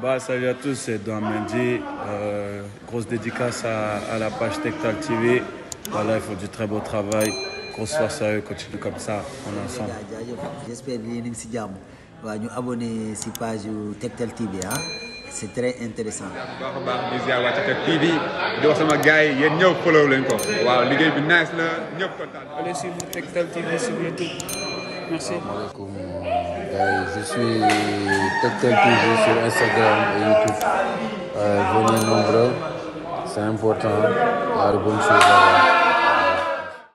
Bah, salut à tous, c'est Don Mendy. Euh, grosse dédicace à, la page Tectal TV. Voilà, ils font du travail. Grosse force à eux, comme ça, on est ensemble. J'espère que vous si jam. Vous abonner si page Tectal TV. Hein? Ah. C'est très intéressant. baax a baax di ziar waa Tektal TV di wax sama gars yi yéen ñëw follow leen ko waaw liggéey bi nice la ñëpp kontaan. Allez suivre Tektal TV sur YouTube. Merci. Asalaamaaleykum. Euh, je suis Tektal TV sur Instagram et YouTube. Euh, venez nombreux, c'est important. Alors, bonne chose.